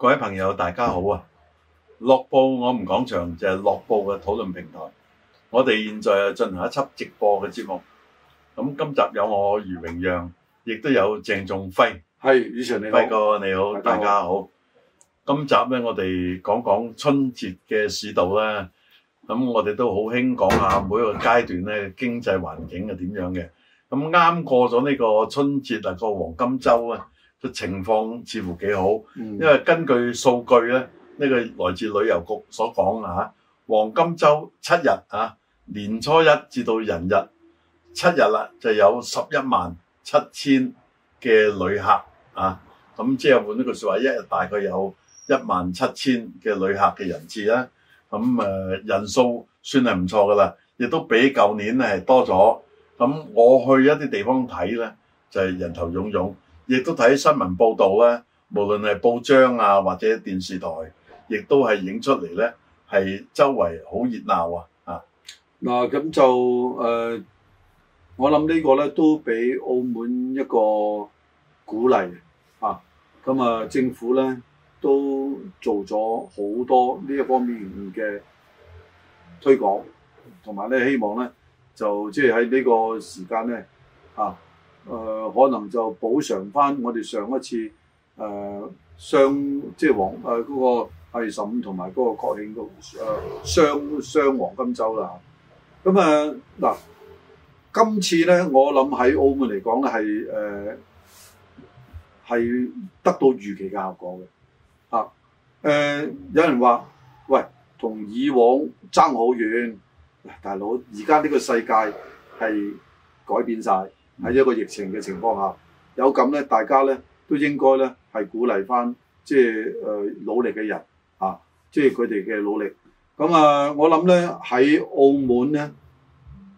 各位朋友，大家好啊！樂報我唔講場，就係樂報嘅討論平台。我哋現在進行一輯直播嘅節目。咁今集有我余榮陽，亦都有鄭仲輝。係，余常你好，輝哥你好，大好，大家好。今集咧，我哋講講春節嘅市道啦。咁我哋都好興講下每一個階段咧經濟環境係點樣嘅。咁啱過咗呢個春節啊個黃金周啊！情況似乎幾好，因為根據數據咧，呢、嗯、個來自旅遊局所講嚇，黃金週七日啊，年初一至到人日七日啦，就有十一萬七千嘅旅客啊，咁即係換一句説話，一日大概有一萬七千嘅旅客嘅人次啦，咁誒人數算係唔錯噶啦，亦都比舊年係多咗，咁我去一啲地方睇咧，就係、是、人頭涌涌。亦都睇新聞報道咧，無論係報章啊或者電視台，亦都係影出嚟咧，係周圍好熱鬧啊！啊，嗱咁就誒，我諗呢個咧都俾澳門一個鼓勵啊！咁啊，政府咧都做咗好多呢一方面嘅推廣，同埋咧希望咧就即係喺呢個時間咧啊。誒、呃、可能就補償翻我哋上一次誒、呃、雙即係黃誒嗰個八月十五同埋嗰個國慶嗰誒雙雙黃金周啦。咁、嗯、啊嗱，今次咧我諗喺澳門嚟講咧係誒係得到預期嘅效果嘅。啊、呃、有人話：喂，同以往爭好遠。大佬而家呢個世界係改變晒。」喺一個疫情嘅情況下，有咁咧，大家咧都應該咧係鼓勵翻，即係誒努力嘅人啊，即係佢哋嘅努力。咁啊，我諗咧喺澳門咧，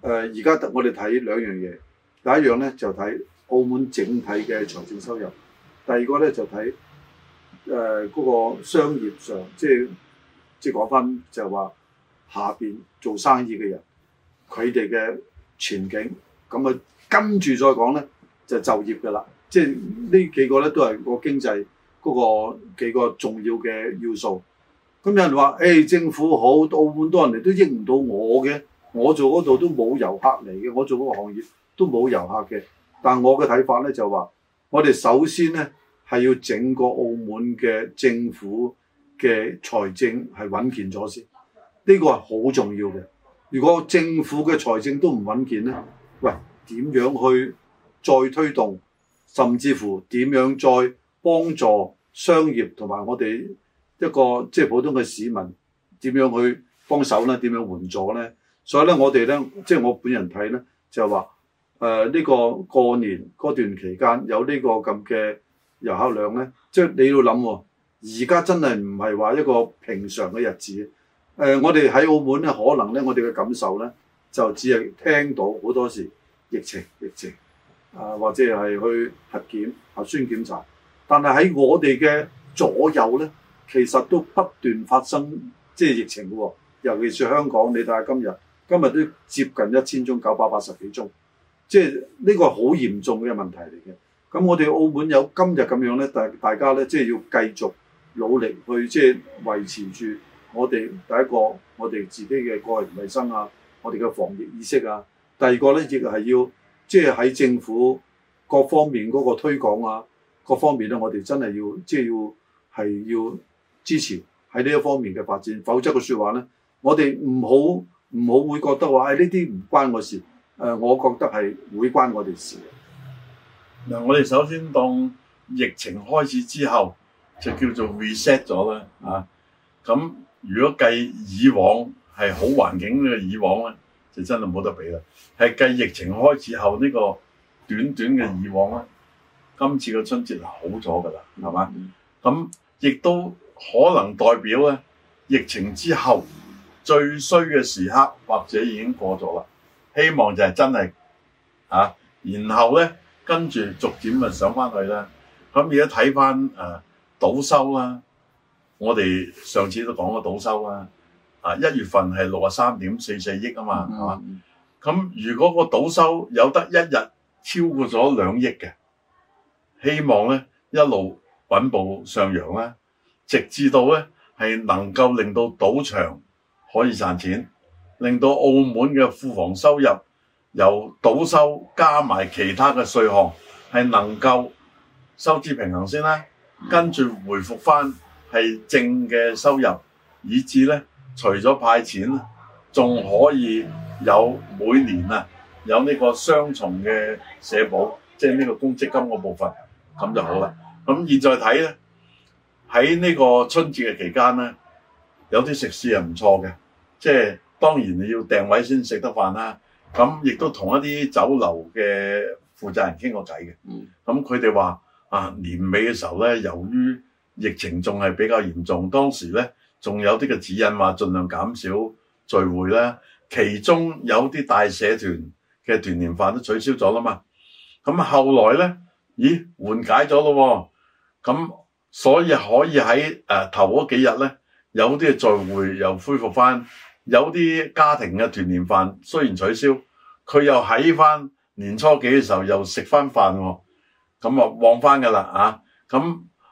誒而家我哋睇兩樣嘢，第一樣咧就睇澳門整體嘅財政收入，第二個咧就睇誒嗰個商業上，即係即係講翻就係話下邊做生意嘅人佢哋嘅前景，咁啊～跟住再講咧，就就業㗎啦，即係呢幾個咧都係個經濟嗰個幾個重要嘅要素。咁有人話：誒、哎、政府好，澳門多人嚟都益唔到我嘅，我做嗰度都冇遊客嚟嘅，我做嗰個行業都冇遊客嘅。但我嘅睇法咧就話，我哋首先咧係要整個澳門嘅政府嘅財政係穩健咗先，呢、這個係好重要嘅。如果政府嘅財政都唔穩健咧，喂！點樣去再推動，甚至乎點樣再幫助商業同埋我哋一個即係、就是、普通嘅市民點樣去幫手咧？點樣援助咧？所以咧，我哋咧即係我本人睇咧，就係話誒呢個過年嗰段期間有呢個咁嘅遊客量咧，即、就、係、是、你要諗而家真係唔係話一個平常嘅日子誒、呃。我哋喺澳門咧，可能咧我哋嘅感受咧就只係聽到好多時。疫情，疫情，啊或者係去核檢、核酸檢查，但係喺我哋嘅左右咧，其實都不斷發生即係、就是、疫情嘅喎、哦。尤其是香港，你睇下今日，今日都接近一千宗，九百八十幾宗，即係呢個係好嚴重嘅問題嚟嘅。咁我哋澳門有今日咁樣咧，大大家咧即係要繼續努力去即係、就是、維持住我哋第一個我哋自己嘅個人衞生啊，我哋嘅防疫意識啊。第二個咧，亦係要即係喺政府各方面嗰個推廣啊，各方面咧，我哋真係要即係要係要支持喺呢一方面嘅發展，否則嘅説話咧，我哋唔好唔好會覺得話誒呢啲唔關我事，誒我覺得係會關我哋事嘅。嗱，我哋首先當疫情開始之後，就叫做 reset 咗啦，啊，咁如果計以往係好環境嘅以往咧。就真係冇得比啦，係繼疫情開始後呢，這個短短嘅以往啦，嗯，今次個春節好咗㗎啦，係嘛？咁、嗯、亦都可能代表咧疫情之後最衰嘅時刻或者已經過咗啦。希望就係真係啊，然後咧跟住逐漸咪上翻去啦。咁而家睇翻誒倒收啦，我哋上次都講過倒收啦。啊！一月份係六十三點四四億啊嘛，係嘛？咁如果個賭收有得一日超過咗兩億嘅，希望咧一路穩步上揚啦，直至到咧係能夠令到賭場可以賺錢，令到澳門嘅庫房收入由賭收加埋其他嘅稅項係能夠收支平衡先啦，跟住回復翻係正嘅收入，以至咧。除咗派錢，仲可以有每年啊，有呢個雙重嘅社保，即係呢個公積金個部分，咁就好啦。咁現在睇咧，喺呢個春節嘅期間咧，有啲食肆係唔錯嘅，即係當然你要訂位先食得飯啦。咁亦都同一啲酒樓嘅負責人傾過偈嘅。咁佢哋話啊，年尾嘅時候咧，由於疫情仲係比較嚴重，當時咧。仲有啲嘅指引話，盡量減少聚會啦。其中有啲大社團嘅團年飯都取消咗啦嘛。咁後來咧，咦，緩解咗咯喎。咁所以可以喺誒頭嗰幾日咧，有啲嘅聚會又恢復翻，有啲家庭嘅團年飯雖然取消，佢又喺翻年初幾嘅時候又食翻飯喎。咁啊，旺翻噶啦啊。咁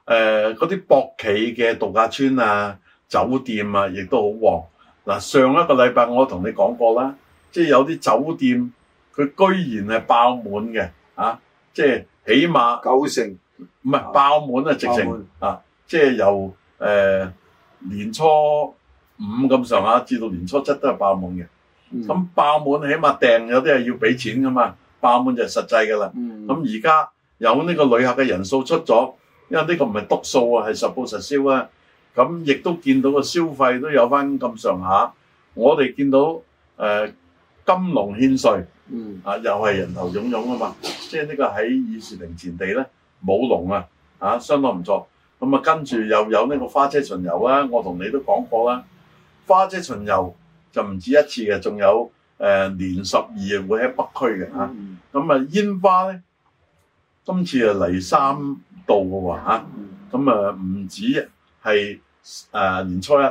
誒嗰啲博企嘅度假村啊。酒店啊，亦都好旺。嗱，上一個禮拜我同你講過啦，即係有啲酒店佢居然係爆滿嘅，啊，即係起碼九成，唔係、啊、爆滿啊，直情啊，即係由誒、呃、年初五咁上下至到年初七都係爆滿嘅。咁、嗯、爆滿起碼訂有啲係要俾錢噶嘛，爆滿就係實際㗎啦。咁而家有呢個旅客嘅人數出咗，因為呢個唔係篤數啊，係實報實銷啊。咁亦都見到個消費都有翻咁上下，我哋見到誒、呃、金龍獻瑞，嗯啊又係人頭涌湧啊嘛，即係呢個喺議事亭前地咧，冇龍啊，啊相當唔錯，咁啊跟住又有呢個花車巡遊啦。我同你都講過啦，花車巡遊就唔止一次嘅，仲有誒、呃、年十二月會喺北區嘅咁啊，啊煙花咧，今次係嚟三度嘅喎，咁啊唔、啊、止。係誒、啊、年初一，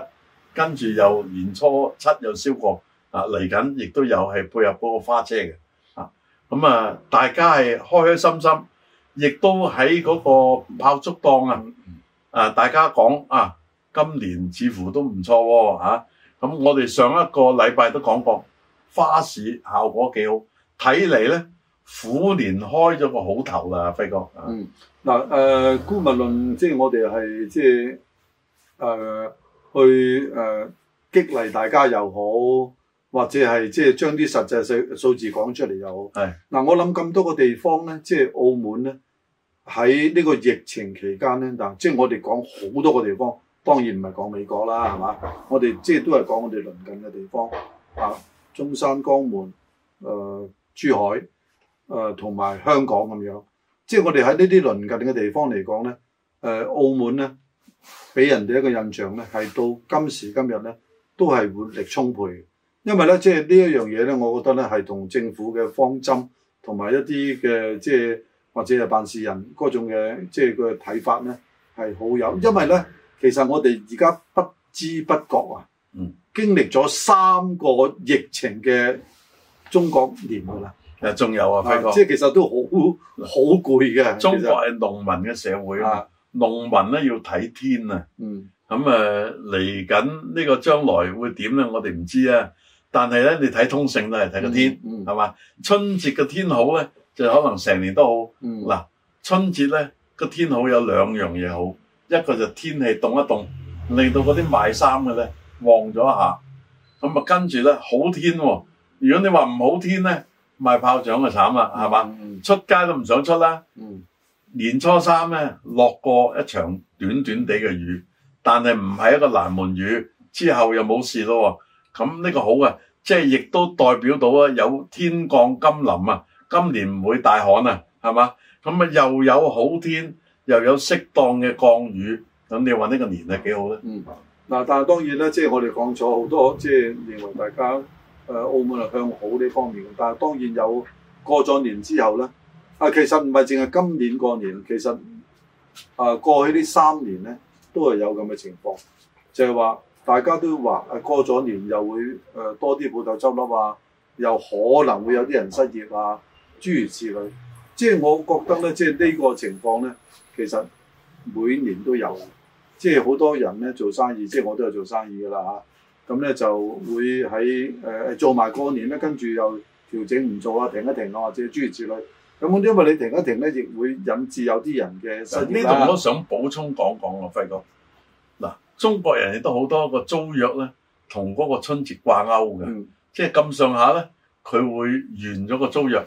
跟住又年初七又燒過，啊嚟緊亦都有係配合嗰個花車嘅，啊咁啊大家係開開心心，亦都喺嗰個炮竹檔啊，啊大家講啊，今年似乎都唔錯喎、啊、咁、啊、我哋上一個禮拜都講過花市效果幾好，睇嚟咧虎年開咗個好頭啦，輝哥。啊、嗯，嗱姑勿論即係、就是、我哋係即係。就是誒、呃、去誒、呃、激勵大家又好，或者係即係將啲實際數數字講出嚟又好。係嗱、呃，我諗咁多個地方咧，即係澳門咧，喺呢個疫情期間咧，嗱，即係我哋講好多個地方，當然唔係講美國啦，係嘛？我哋即係都係講我哋鄰近嘅地方啊，中山、江門、誒、呃、珠海、誒同埋香港咁樣。即係我哋喺呢啲鄰近嘅地方嚟講咧，誒、呃、澳門咧。俾人哋一個印象咧，係到今時今日咧，都係活力充沛的。因為咧，即係呢一樣嘢咧，我覺得咧係同政府嘅方針同埋一啲嘅即係或者係辦事人嗰種嘅即係佢嘅睇法咧，係好有。因為咧，其實我哋而家不知不覺啊，嗯，經歷咗三個疫情嘅中國年噶啦，誒、嗯，仲有啊，輝哥，即係其，其實都好好攰嘅。中國係農民嘅社會啊。嗯農民咧要睇天啊，咁、嗯、啊嚟緊呢個將來會點咧？我哋唔知啊。但係咧，你睇通勝都係睇個天，係、嗯、嘛、嗯？春節嘅天好咧，就可能成年都好。嗱、嗯，春節咧個天好有兩樣嘢好，一個就天氣凍一凍，令到嗰啲賣衫嘅咧旺咗一下。咁啊，跟住咧好天、啊，如果你話唔好天咧，賣炮仗嘅慘啦，係嘛、嗯？出街都唔想出啦。嗯年初三咧落過一場短短地嘅雨，但係唔係一個南門雨，之後又冇事咯。咁呢個好啊，即係亦都代表到啊有天降甘霖啊，今年唔會大旱啊，係嘛？咁啊又有好天，又有適當嘅降雨，咁你話呢個年係幾好咧？嗯，嗱，但係當然啦，即係我哋講咗好多，即係認為大家誒澳門係向好呢方面，但係當然有過咗年之後咧。啊，其實唔係淨係今年過年，其實啊過去呢三年咧都係有咁嘅情況，就係話大家都話啊過咗年又會誒多啲舖頭執笠啦嘛，又可能會有啲人失業啊，諸如此類。即係我覺得咧，即係呢個情況咧，其實每年都有。即係好多人咧做生意，即係我都係做生意㗎啦吓。咁咧就會喺誒做埋過年咧，跟住又調整唔做啊，停一停啊，或者諸如此類。咁因為你停一停咧，亦會引致有啲人嘅。呢度我都想補充講講喎，輝哥。嗱，中國人亦都好多個租約咧，同嗰個春節掛鈎嘅，即係咁上下咧，佢會完咗個租約。咁、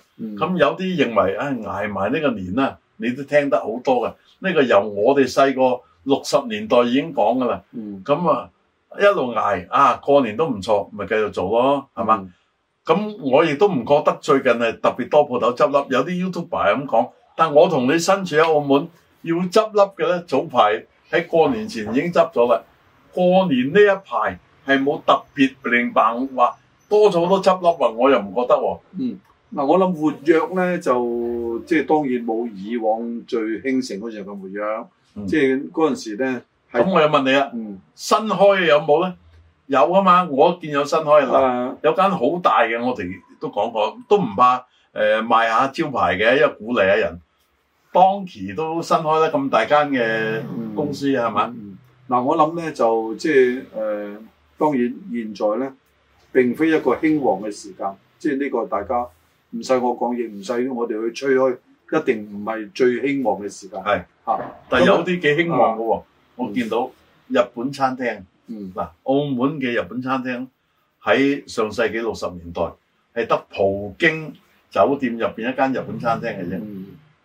嗯、有啲認為唉捱埋呢個年啦，你都聽得好多嘅。呢、呢個由我哋細個六十年代已經講噶啦。咁、嗯、啊一路捱啊過年都唔錯，咪繼續做咯，係、嗯、嘛？咁我亦都唔覺得最近係特別多鋪頭執笠，有啲 YouTuber 咁講。但我同你身處喺澳門，要執笠嘅咧，早排喺過年前已經執咗啦。過年呢一排係冇特別令板話多咗好多執笠啊！我又唔覺得喎、哦。嗯。嗱，我諗活躍咧，就即係當然冇以往最興盛嗰陣嘅活躍。即係嗰陣時呢。咁我又問你啦。嗯。新開有冇咧？有啊嘛，我見有新開啦，有間好大嘅，我哋都講過，都唔怕誒、呃、賣下招牌嘅，一鼓勵下人。當期都新開得咁大間嘅公司係咪？嗱、嗯嗯嗯嗯嗯啊，我諗咧就即係誒，當然現在咧並非一個興旺嘅時間，即係呢個大家唔使我講，嘢，唔使我哋去吹開，一定唔係最興旺嘅時間。係、啊，但有啲幾興旺嘅喎、啊，我見到日本餐廳。嗱、嗯，澳門嘅日本餐廳喺上世紀六十年代係得葡京酒店入邊一間日本餐廳嘅啫。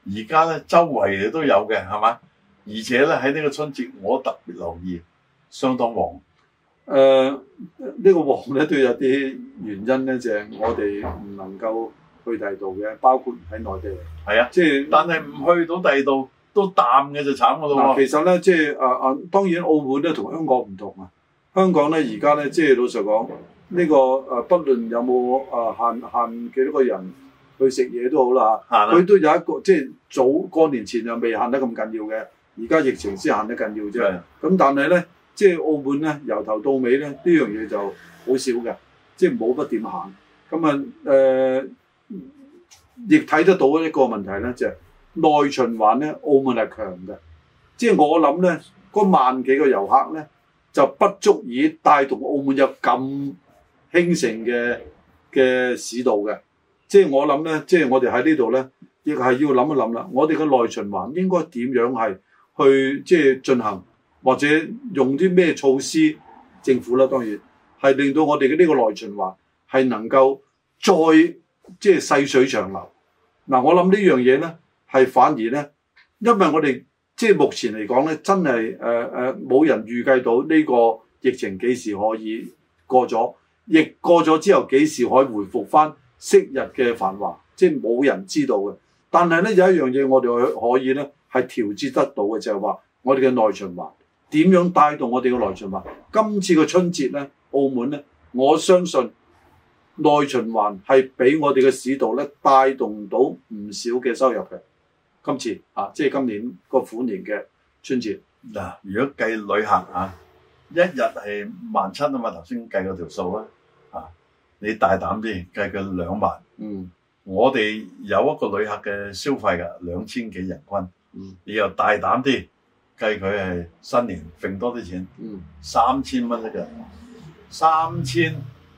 而家咧周圍都有嘅，係嘛？而且咧喺呢個春節，我特別留意，相當旺、呃。誒、這個，呢個旺咧都有啲原因咧，就係、是、我哋唔能夠去第二度嘅，包括喺內地。係啊，即、就、係、是，但係唔去到第二度都淡嘅就慘嘅咯、呃。其實咧，即係誒當然澳門咧同香港唔同啊。香港咧，而家咧，即係老實講，呢、這個誒，不論有冇誒限限幾多個人去食嘢都好啦，佢、啊、都有一個即係早過年前就未限得咁緊要嘅，而家疫情先限得緊要啫。咁、啊、但係咧，即係澳門咧，由頭到尾咧，呢樣嘢就好少嘅，即係冇乜點限。咁啊亦睇得到一個問題咧，就係、內循環咧，澳門係強嘅。即係我諗咧，嗰萬幾個遊客咧。就不足以帶動澳門有咁興盛嘅嘅市道嘅，即係我諗咧，即係我哋喺呢度咧，亦係要諗一諗啦。我哋嘅內循環應該點樣係去即係進行，或者用啲咩措施政府啦，當然係令到我哋嘅呢個內循環係能夠再即係細水長流。嗱，我諗呢樣嘢咧係反而咧，因為我哋。即係目前嚟講咧，真係誒誒冇人預計到呢個疫情幾時可以過咗，亦過咗之後幾時可以回復翻昔日嘅繁華，即係冇人知道嘅。但係咧，有一樣嘢我哋可以咧係調節得到嘅，就係話我哋嘅內循環，點樣帶動我哋嘅內循環。今次嘅春節咧，澳門咧，我相信內循環係俾我哋嘅市道咧帶動到唔少嘅收入嘅。今次啊，即係今年個虎年嘅春節嗱，如果計旅客啊，一日係萬七啊嘛，頭先計嗰條數啊，啊，你大膽啲計佢兩萬，嗯，我哋有一個旅客嘅消費㗎，兩千幾人均，嗯，你又大膽啲計佢係新年剩多啲錢，嗯，三千蚊一日，三千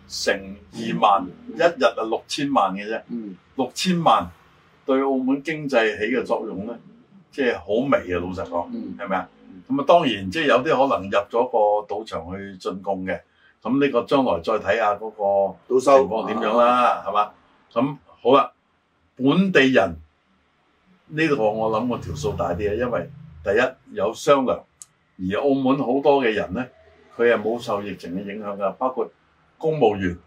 乘二萬，嗯，一日就六千萬嘅啫，嗯，六千萬。對澳門經濟起嘅作用咧，即係好微啊！老實講，係咪啊？咁、嗯、啊當然，即、就、係、是、有啲可能入咗個賭場去進貢嘅。咁呢個將來再睇下嗰個情況點樣啦，係嘛？咁、啊、好啦，本地人呢、這個我諗我條數大啲啊，因為第一有商量，而澳門好多嘅人咧，佢係冇受疫情嘅影響㗎，包括公務員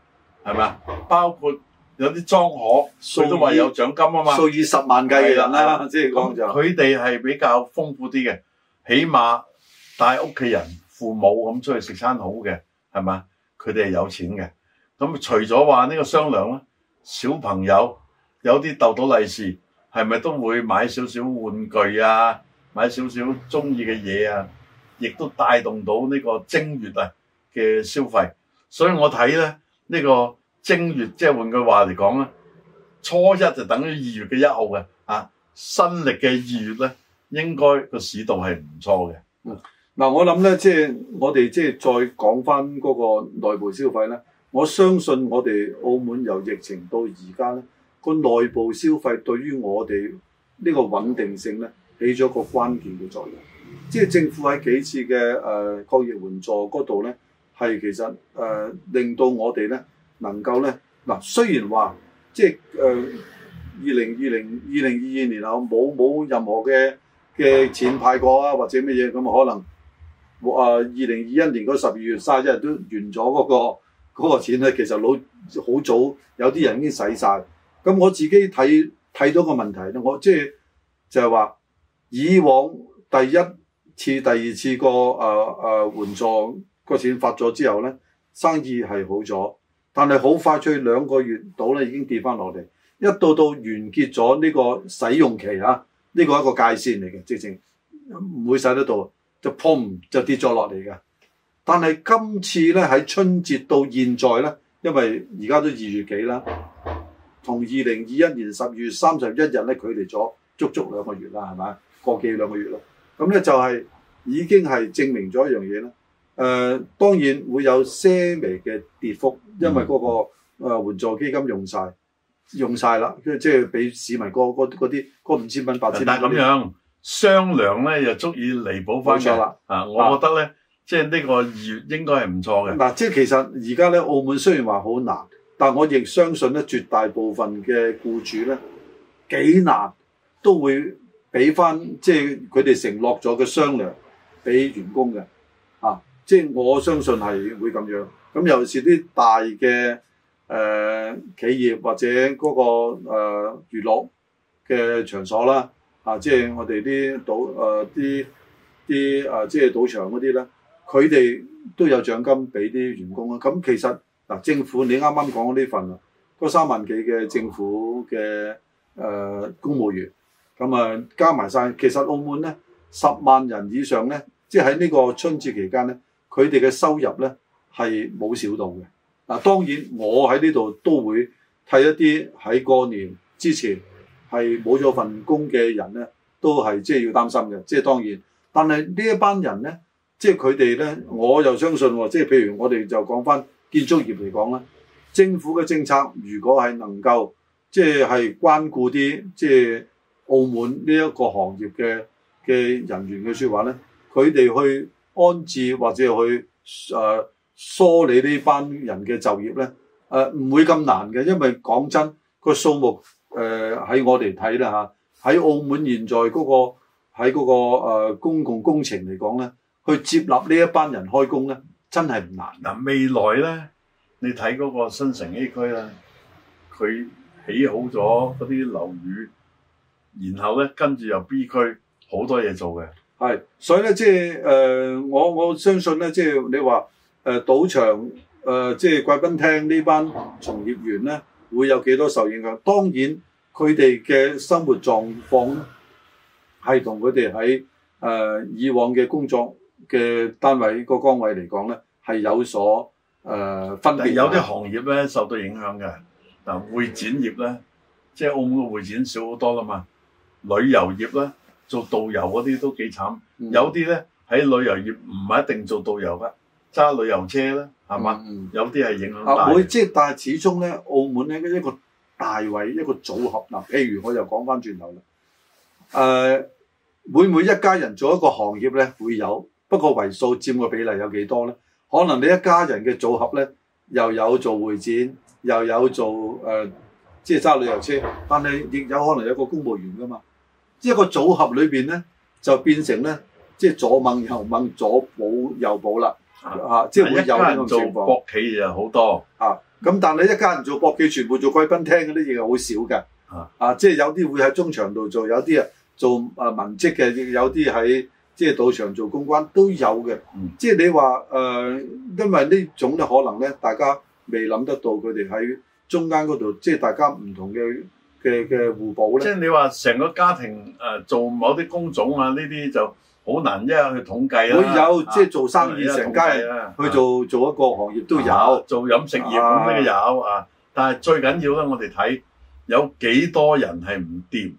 係咪啊？包括。有啲莊荷，最多話有獎金啊嘛，數以十萬計嘅人啦，即係講就，佢哋係比較豐富啲嘅，起碼帶屋企人父母咁出去食餐好嘅，係嘛？佢哋係有錢嘅。咁除咗話呢個商量啦，小朋友有啲逗到利是，係咪都會買少少玩具啊，買少少中意嘅嘢啊，亦都帶動到呢個正月啊嘅消費。所以我睇咧呢，這個。正月即係換句話嚟講咧，初一就等於二月嘅一號嘅，啊，新曆嘅二月咧，應該個市道係唔錯嘅。嗱、嗯嗯，我諗咧，即係我哋即係再講翻嗰個內部消費咧，我相信我哋澳門由疫情到而家咧，個內部消費對於我哋呢個穩定性咧，起咗個關鍵嘅作用。即係政府喺幾次嘅誒、呃、抗疫援助嗰度咧，係其實誒、呃、令到我哋咧。能夠咧嗱，雖然話即係誒二零二零二零二二年後冇冇任何嘅嘅錢派過啊，或者乜嘢咁啊，可能誒二零二一年嗰十二月卅一日都完咗嗰個嗰個錢咧，其實老好早有啲人已經使晒。咁我自己睇睇到個問題咧，我即係就係話以往第一次、第二次個誒誒援助個錢發咗之後咧，生意係好咗。但係好快出去兩個月到咧，已經跌翻落嚟。一到到完結咗呢個使用期啊，呢個一個界線嚟嘅，直情唔會使得到，就砰就跌咗落嚟嘅。但係今次咧喺春節到現在咧，因為而家都二月幾啦，同二零二一年十二月三十一日咧距離咗足足兩個月啦，係咪？過幾兩個月啦。咁咧就係已經係證明咗一樣嘢啦。誒、呃、當然會有些微嘅跌幅，因為嗰個援助基金用晒、嗯、用曬啦，即係俾市民嗰啲五千蚊白紙。但係咁樣雙糧咧就足以彌補翻嘅。啊，我覺得咧、啊，即係呢個月應該係唔錯嘅。嗱、啊，即係其實而家咧，澳門雖然話好難，但我亦相信咧，絕大部分嘅雇主咧幾難都會俾翻，即係佢哋承諾咗嘅雙糧俾員工嘅。啊！即係我相信係會咁樣，咁尤其是啲大嘅誒、呃、企業或者嗰、個誒、呃、娛樂嘅場所啦，啊，即係我哋啲賭啲啲即係賭場嗰啲咧，佢哋都有獎金俾啲員工啊。咁其實嗱、啊，政府你啱啱講嗰呢份啦，嗰三萬幾嘅政府嘅誒、呃、公務員，咁啊加埋晒。其實澳門咧十萬人以上咧，即係喺呢個春節期間咧。佢哋嘅收入咧係冇少到嘅。嗱，當然我喺呢度都會替一啲喺過年之前係冇咗份工嘅人咧，都係即係要擔心嘅。即係當然，但係呢一班人咧，即係佢哋咧，我又相信喎。即係譬如我哋就講翻建築業嚟講啦，政府嘅政策如果係能夠即係係關顧啲即係澳門呢一個行業嘅嘅人員嘅說話咧，佢哋去，安置或者去誒、呃、梳理呢班人嘅就業咧，誒、呃、唔會咁難嘅，因為講真、這個數目誒喺、呃、我哋睇啦吓，喺、啊、澳門現在嗰、那個喺嗰、那個誒、呃、公共工程嚟講咧，去接納呢一班人開工咧，真係唔難嗱、啊、未來咧，你睇嗰個新城 A 區啦，佢起好咗嗰啲樓宇，然後咧跟住又 B 區好多嘢做嘅。係，所以咧，即係誒，我我相信咧，即係你話誒，賭場誒，即係貴賓廳呢班從業員咧，會有幾多受影響？當然，佢哋嘅生活狀況係同佢哋喺誒以往嘅工作嘅單位個崗位嚟講咧，係有所誒分別。有啲行業咧受到影響嘅，嗱，會展業咧，即係澳門嘅會展少好多啦嘛，旅遊業咧。做導遊嗰啲都幾慘，有啲咧喺旅遊業唔係一定做導遊啦，揸旅遊車啦，係嘛、嗯？有啲係影響大的。即、嗯、係、嗯嗯嗯、但係始終咧，澳門咧一個大圍一個組合。嗱，譬如我又講翻轉頭啦，誒、呃，每每一家人做一個行業咧會有，不過為數佔個比例有幾多咧？可能你一家人嘅組合咧又有做會展，又有做誒即係揸旅遊車，但係亦有可能有一個公務員㗎嘛。一、這個組合裏邊咧，就變成咧，即、就、係、是、左掹右掹，左補右補啦。啊，即、啊、係、就是、會有人做情博企就好多啊，咁但係一家人做博企、啊、企，全部做貴賓廳嗰啲嘢，好少嘅。啊，即、啊、係、就是、有啲會喺中場度做，有啲啊做啊文職嘅，有啲喺即係賭場做公關都有嘅。即、嗯、係、就是、你話誒、呃，因為呢種咧可能咧，大家未諗得到佢哋喺中間嗰度，即、就、係、是、大家唔同嘅。嘅嘅互補咧，即係你話成個家庭誒、呃、做某啲工種啊，呢啲就好難一下去統計啊。會有即係、就是、做生意成、啊啊啊、家人去做、啊、做一個行業、啊、都有，啊、做飲食業咁都、啊、有啊。但係最緊要咧，我哋睇有幾多人係唔掂，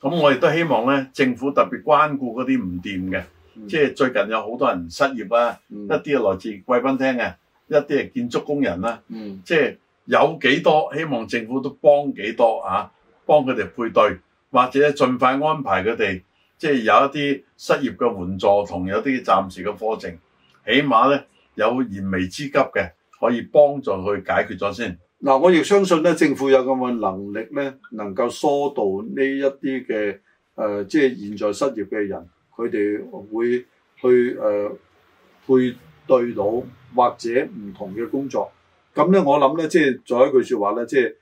咁我亦都希望咧，政府特別關顧嗰啲唔掂嘅，即係最近有好多人失業啊，嗯、一啲係來自貴賓廳嘅、啊，一啲係建築工人啦、啊嗯，即係有幾多希望政府都幫幾多啊？幫佢哋配對，或者盡快安排佢哋，即係有一啲失業嘅援助同有啲暫時嘅課程，起碼咧有燃眉之急嘅，可以幫助佢解決咗先。嗱，我亦相信咧，政府有咁嘅能力咧，能夠疏導呢一啲嘅誒，即係現在失業嘅人，佢哋會去誒、呃、配對到或者唔同嘅工作。咁咧，我諗咧，即係再一句説話咧，即係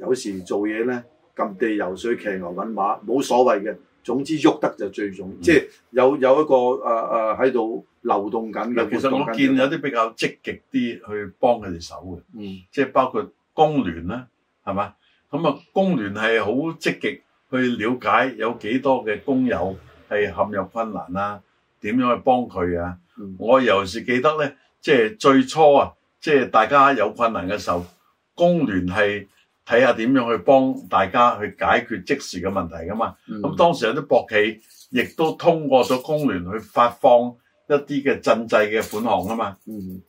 有時做嘢咧。撳地游水騎牛揾馬冇所謂嘅，總之喐得就最重要、嗯，即係有有一個誒誒喺度流動緊嘅，其實我見有啲比較積極啲去幫佢哋手嘅，即係包括工聯啦，係嘛？咁、嗯、啊，工聯係好積極去了解有幾多嘅工友係陷入困難啦，點樣去幫佢啊？嗯、我尤其是記得咧，即係最初啊，即係大家有困難嘅時候，工聯係。睇下點樣去幫大家去解決即時嘅問題噶嘛？咁、嗯、當時有啲博企亦都通過咗工聯去發放一啲嘅賑濟嘅款項啊嘛。嗯。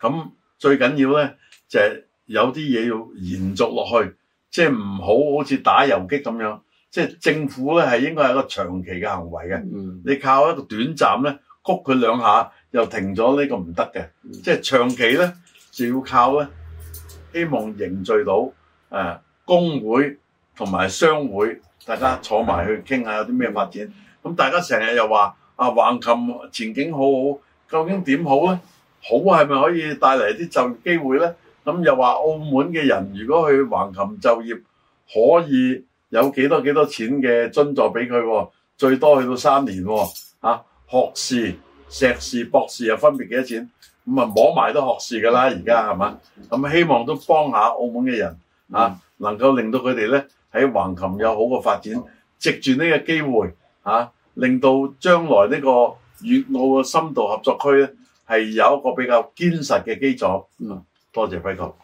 咁、嗯、最緊要咧就係、有啲嘢要延續落去，即係唔好好似打遊擊咁樣，即、就、係、係、政府咧係應該係一個長期嘅行為嘅、嗯。你靠一個短暫咧，谷佢兩下又停咗呢個唔得嘅，即、就、係、係、長期咧就要靠咧。希望凝聚到誒、啊、工會同埋商會，大家坐埋去傾下有啲咩發展。咁大家成日又話啊橫琴前景好好，究竟點好咧？好係咪可以帶嚟啲就業機會咧？咁又話澳門嘅人如果去橫琴就業，可以有幾多幾多錢嘅津助俾佢？最多去到三年喎，嚇、啊、學士。碩士、博士又分別幾多錢？咁啊，摸埋都學士㗎啦！而家係嘛？咁希望都幫下澳門嘅人啊、嗯，能夠令到佢哋咧喺橫琴有好嘅發展，藉住呢個機會嚇，令到將來呢個粵澳嘅深度合作區咧係有一個比較堅實嘅基礎。嗯，多謝輝哥。